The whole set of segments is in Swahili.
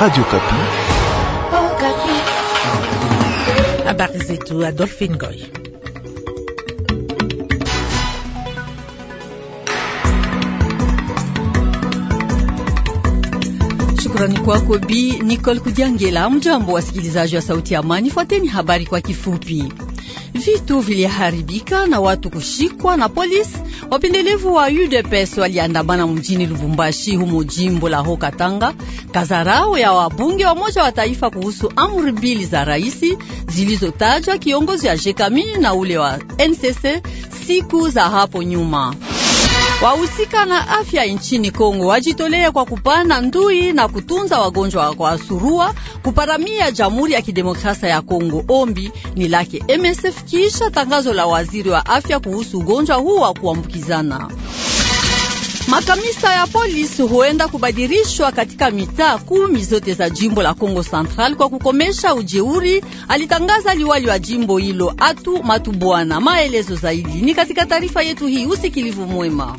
Radio oh, Kapi. Habari zetu Adolphine Goy. Shukrani kwako Bi Nicole Kujangela. Mjambo wasikilizaji wa Sauti ya Amani, fuateni habari kwa kifupi. Vitu viliharibika na watu kushikwa na polisi. Wapendelevu wa UDPS waliandamana mjini Lubumbashi, humo jimbo la Haut-Katanga, kazarao ya wabunge wa moja wa Taifa kuhusu amri mbili za raisi zilizotajwa kiongozi ya Jekami na ule wa NCC siku za hapo nyuma. Wahusika na afya nchini Kongo wajitolea kwa kupana ndui na kutunza wagonjwa kwa surua kuparamia Jamhuri ya Kidemokrasia ya Kongo. Ombi ni lake MSF kisha tangazo la waziri wa afya kuhusu ugonjwa huu wa kuambukizana. Makamisa ya polisi huenda kubadilishwa katika mitaa kumi zote za jimbo la Kongo Central kwa kukomesha ujeuri, alitangaza liwali wa jimbo hilo Atu Matubwana. Maelezo zaidi ni katika taarifa yetu hii. Usikilivu mwema.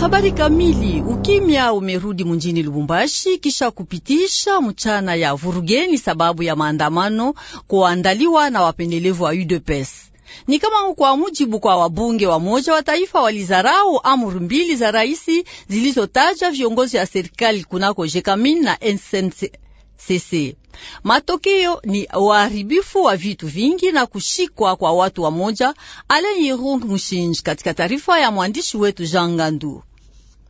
Habari kamili. Ukimya umerudi munjini Lubumbashi kisha kupitisha mchana ya vurugeni sababu ya maandamano kuandaliwa na wapendelevu wa UDPS. Ni kama kwa mujibu kwa wabunge wa moja wa taifa walizarau amuru mbili za raisi zilizotaja viongozi ya serikali kunako Jekamin na NCNCC. Matokeo ni uharibifu wa vitu vingi na kushikwa kwa watu wa moja. Alain Irung Mushinji katika taarifa ya mwandishi wetu Jean Gandu.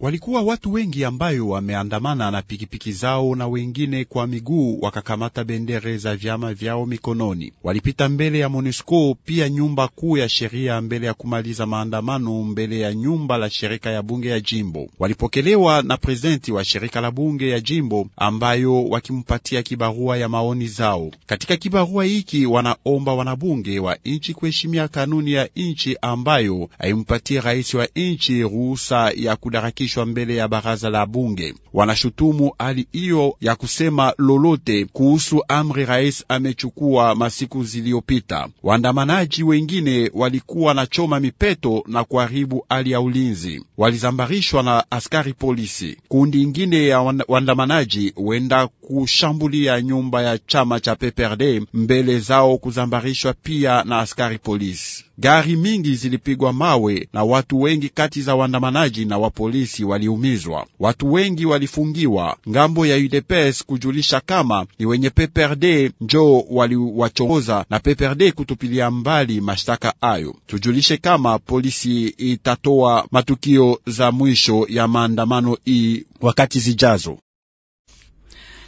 Walikuwa watu wengi ambayo wameandamana na pikipiki zao na wengine kwa miguu, wakakamata bendere za vyama vyao mikononi. Walipita mbele ya MONUSCO pia nyumba kuu ya sheria, mbele ya kumaliza maandamano mbele ya nyumba la shirika ya bunge ya jimbo. Walipokelewa na prezidenti wa shirika la bunge ya jimbo, ambayo wakimpatia kibarua ya maoni zao. Katika kibarua hiki, wanaomba wanabunge wa nchi kuheshimia kanuni ya nchi ambayo haimpatie rais wa nchi ruhusa ya kudaraki kuwasilishwa mbele ya baraza la bunge. Wanashutumu hali hiyo ya kusema lolote kuhusu amri rais amechukua masiku ziliyopita. Waandamanaji wengine walikuwa na choma mipeto na kuharibu hali ya ulinzi, walizambarishwa na askari polisi. Kundi ingine ya waandamanaji wenda kushambulia nyumba ya chama cha PPRD, mbele zao kuzambarishwa pia na askari polisi. Gari mingi zilipigwa mawe na watu wengi kati za waandamanaji na wapolisi waliumizwa. Watu wengi walifungiwa. Ngambo ya UDPS kujulisha kama ni wenye PPRD njo waliwachongoza na PPRD kutupilia mbali mashtaka ayo. Tujulishe kama polisi itatoa matukio za mwisho ya maandamano hii wakati zijazo.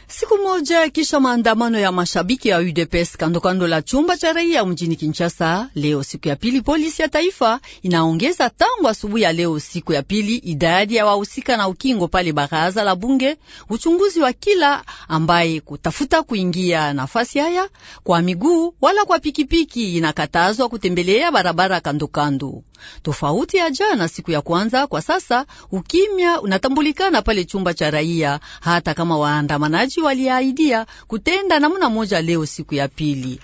Siku moja kisha maandamano ya mashabiki ya UDPS kando kando la chumba cha raia mjini Kinshasa, leo siku ya pili, polisi ya taifa inaongeza tangu asubuhi ya leo siku ya pili idadi ya wahusika na ukingo pale baraza la bunge, uchunguzi wa kila ambaye kutafuta kuingia nafasi haya kwa miguu wala kwa pikipiki inakatazwa kutembelea barabara kandokando kando. Tofauti ya jana siku ya kwanza, kwa sasa ukimya unatambulikana pale chumba cha raia, hata kama waandamanaji waliahidia kutenda namna moja leo siku ya pili.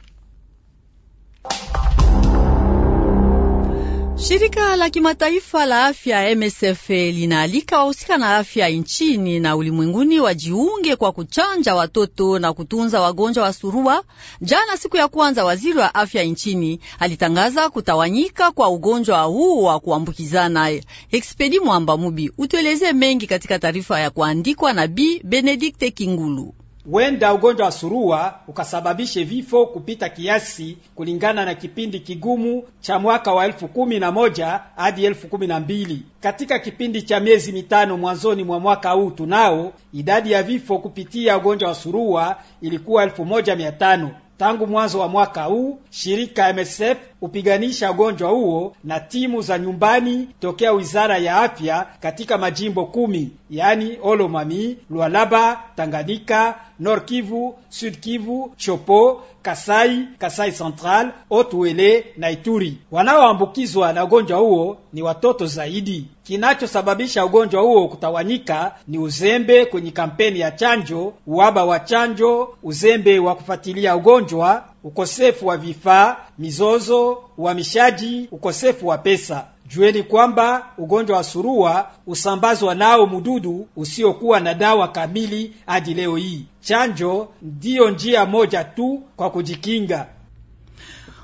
Shirika la kimataifa la afya MSF linaalika wahusika na afya nchini na ulimwenguni wajiunge kwa kuchanja watoto na kutunza wagonjwa wa surua. Jana siku ya kwanza, waziri wa afya nchini alitangaza kutawanyika kwa ugonjwa huu wa kuambukizana. Expedi Mwamba Mubi utueleze mengi katika taarifa ya kuandikwa na Bi Benedikte Kingulu wenda ugonjwa wa surua ukasababishe vifo kupita kiasi kulingana na kipindi kigumu cha mwaka wa elfu kumi na moja hadi elfu kumi na mbili katika kipindi cha miezi mitano mwanzoni mwa mwaka huu tunao idadi ya vifo kupitia ugonjwa wa surua ilikuwa elfu moja mia tano Tangu mwanzo wa mwaka huu shirika MSF hupiganisha ugonjwa huo na timu za nyumbani tokea wizara ya afya katika majimbo kumi yaani Olomami, Lualaba, Tanganyika, Nord Kivu, Sud Kivu, Chopo Kasai, Kasai Central, Otuele na Ituri. Wanaoambukizwa na ugonjwa huo ni watoto zaidi. Kinachosababisha ugonjwa huo kutawanyika ni uzembe kwenye kampeni ya chanjo, uhaba wa chanjo, uzembe wa kufuatilia ugonjwa, ukosefu wa vifaa, mizozo, uhamishaji, ukosefu wa pesa. Jueni kwamba ugonjwa wa surua usambazwa nao mududu usiokuwa na dawa kamili hadi leo hii. Chanjo ndiyo njia moja tu kwa kujikinga.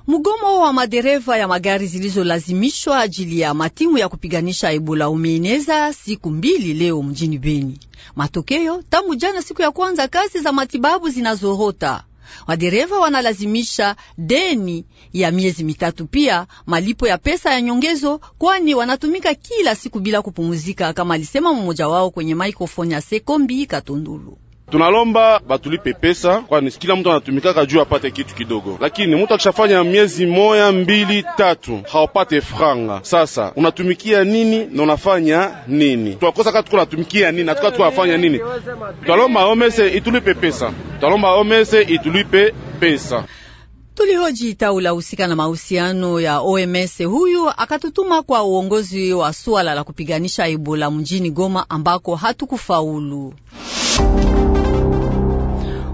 Mgomo wa madereva ya magari zilizolazimishwa ajili ya matimu ya kupiganisha Ebola umeeneza siku mbili leo mjini Beni. Matokeo tangu jana siku ya kwanza, kazi za matibabu zinazorota Wadereva wanalazimisha deni ya miezi mitatu, pia malipo ya pesa ya nyongezo, kwani wanatumika kila siku bila kupumuzika, kama alisema mmoja wao kwenye maikrofoni ya Sekombi Katundulu. Tunalomba batulipe pesa, kwani kila mtu anatumikaka juu apate kitu kidogo, lakini mtu akishafanya miezi moya mbili tatu haupate franga, sasa unatumikia nini na unafanya nini? Twakosaka tuko natumikia nini na tukatuafanya nini? Tunalomba omese itulipe pesa, tunalomba omese itulipe pesa. Tulihoji tawi la husika na mahusiano ya OMS, huyu akatutuma kwa uongozi wa suala la kupiganisha Ebola mjini Goma ambako hatukufaulu.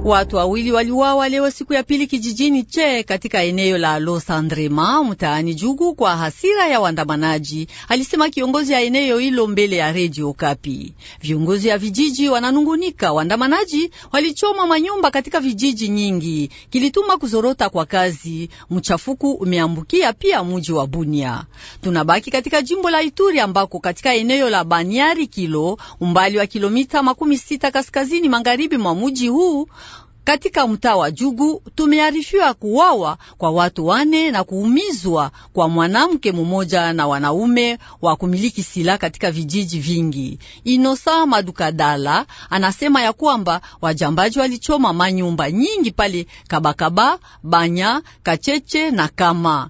Watu wawili waliuawa leo siku ya pili kijijini Che katika eneo la Los Andrema mtaani Jugu kwa hasira ya waandamanaji, alisema kiongozi ya eneo hilo mbele ya redio Kapi. Viongozi ya vijiji wananungunika, waandamanaji walichoma manyumba katika vijiji nyingi, kilituma kuzorota kwa kazi. Mchafuku umeambukia pia muji wa Bunia. Tunabaki katika jimbo la Ituri ambako katika eneo la Banyari Kilo, umbali wa kilomita makumi sita kaskazini magharibi mwa muji huu katika mtaa wa Jugu tumearifiwa kuwawa kwa watu wane na kuumizwa kwa mwanamke mmoja na wanaume wa kumiliki silaha katika vijiji vingi. Inosa Madukadala anasema ya kwamba wajambaji walichoma manyumba nyingi pale Kabakaba, Banya, Kacheche na Kama.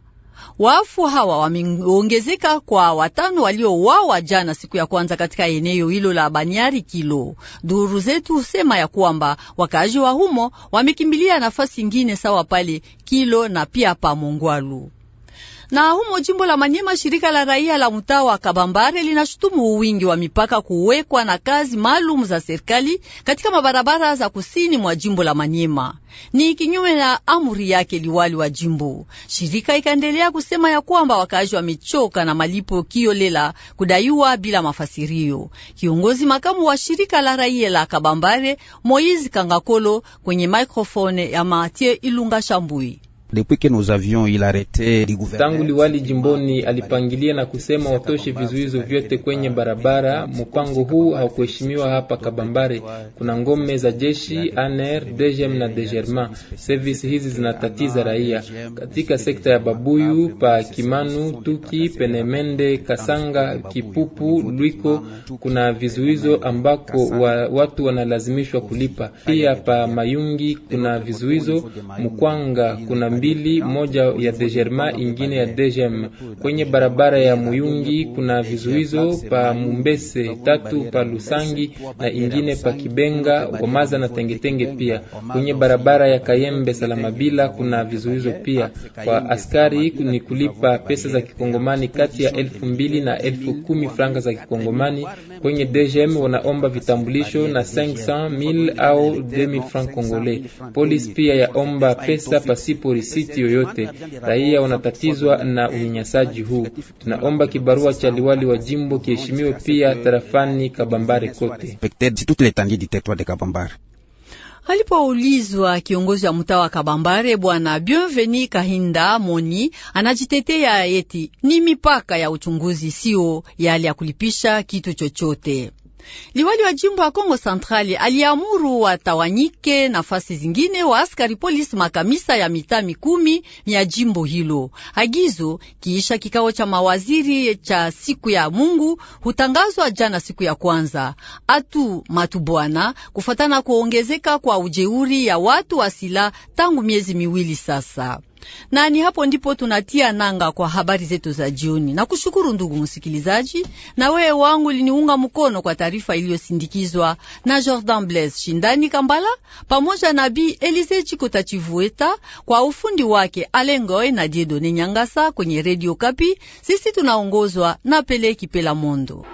Wafu hawa wameongezeka kwa watano waliouawa jana siku ya kwanza katika eneo hilo la Banyari Kilo. Duru zetu husema ya kwamba wakaaji wa humo wamekimbilia nafasi ingine sawa pale Kilo na pia pa Mongwalu. Na humo jimbo la Manyema, shirika la raia la mtaa wa Kabambare linashutumu wingi wa mipaka kuwekwa na kazi maalum za serikali katika mabarabara za kusini mwa jimbo la Manyema. Ni kinyume na amri yake liwali wa jimbo. Shirika ikaendelea kusema ya kwamba wakaaji wamechoka na malipo kiolela kudaiwa bila mafasirio. Kiongozi makamu wa shirika la raia la Kabambare, Moizi Kangakolo, kwenye maikrofone ya matie Ilunga Shambui tangu liwali jimboni alipangilia na kusema watoshe vizuizo vyote kwenye barabara. Mpango huu haukuheshimiwa hapa Kabambare. Kuna ngome za jeshi ANR, DGM na DGERMA. Service hizi zinatatiza raia katika sekta ya Babuyu, pa Kimanu, Tuki, Penemende, Kasanga, Kipupu, Lwiko. Kuna vizuizo ambako wa, watu wanalazimishwa kulipa. Pia pa Mayungi kuna vizuizo Mkwanga kuna mbili, moja ya Dejerma, ingine ya Dejem. Kwenye barabara ya Muyungi kuna vizuizo pa Mumbese, tatu pa Lusangi na ingine pa Kibenga, Gomaza na Tengetenge. Pia kwenye barabara ya Kayembe Salamabila kuna vizuizo pia. Kwa askari ni kulipa pesa za kikongomani kati ya elfu mbili na elfu kumi franka za kikongomani. Kwenye Dejem wanaomba vitambulisho na 500 mil au 2000 franc congolais. Polisi pia yaomba pesa pasipo risa siti yoyote. Raia wanatatizwa na unyanyasaji huu. Tunaomba kibarua cha liwali wa jimbo kiheshimiwe pia tarafani Kabambare kote. Alipoulizwa kiongozi wa mtaa wa Kabambare Bwana Bienveni Kahinda Moni anajitetea eti ni mipaka ya uchunguzi, sio yale ya kulipisha kitu chochote. Liwali wa jimbo ya Kongo Centrali aliamuru watawanyike nafasi zingine wa askari polisi makamisa ya mita mikumi ya jimbo hilo. Agizo kiisha kikao cha mawaziri cha siku ya Mungu hutangazwa jana siku ya kwanza. Atu Matubwana kufuatana kuongezeka kwa ujeuri ya watu wa silaha tangu miezi miwili sasa na ni hapo ndipo tunatia nanga kwa habari zetu za jioni, na kushukuru ndugu msikilizaji na wewe wangu liniunga mkono kwa taarifa iliyosindikizwa na Jordan Blaise Shindani Kambala pamoja na Bi Elize Chikota Chivueta kwa ufundi wake, Alengoe na Diedone Nyangasa kwenye Redio Kapi. Sisi tunaongozwa na Peleki Pela Mondo.